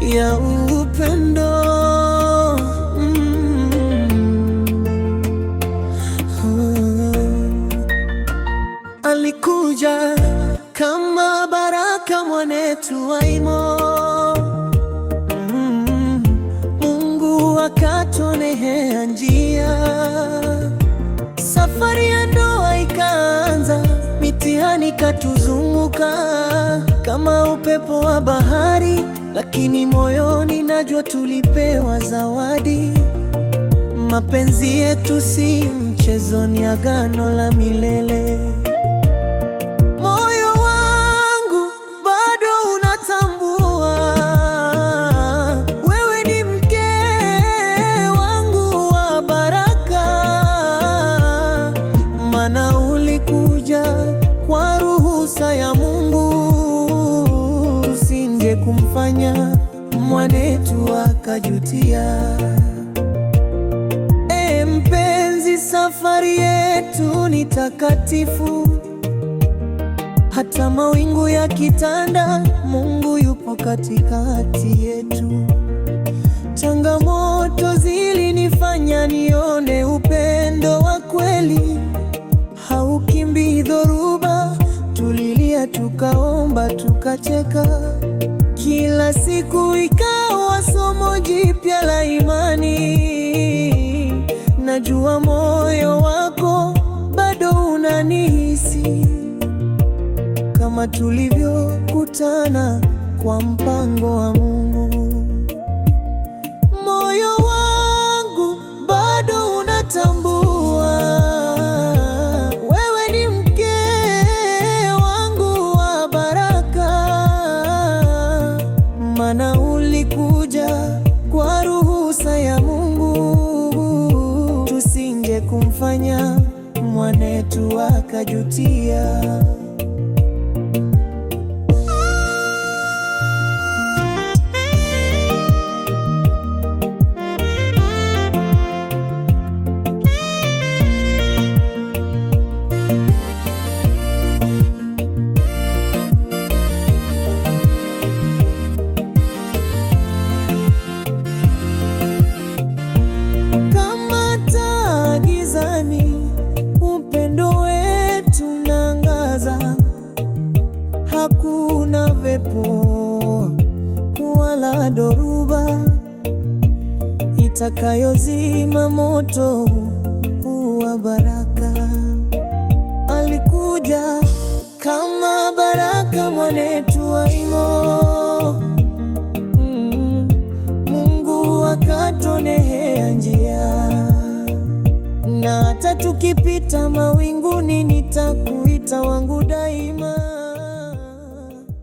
ya upendo mm. Alikuja kama baraka mwanetu waimo mm. Mungu akatonehea njia, safari ya ndoa ikaanza, mitihani katuzunguka kama upepo wa bahari, lakini moyoni najua tulipewa zawadi. Mapenzi yetu si mchezo, ni agano la milele. Moyo wangu bado unatambua, wewe ni mke wangu wa baraka, mana ulikuja kwa ruhusa ya kumfanya mwanetu akajutia. E mpenzi, safari yetu ni takatifu, hata mawingu ya kitanda, Mungu yupo katikati yetu. Changamoto zilinifanya nione upendo wa kweli, haukimbii dhoruba. Tulilia, tukaomba, tukacheka. Kila siku ikawa somo jipya la imani. Najua moyo wako bado unanihisi, kama tulivyokutana kwa mpango wa Mungu moyo watu wakajutia. doruba itakayozima moto kuwa baraka. Alikuja kama baraka mwanetu waimo, Imo, mm, Mungu akatonehea njia, na hata tukipita mawinguni nitakuita wangu daima.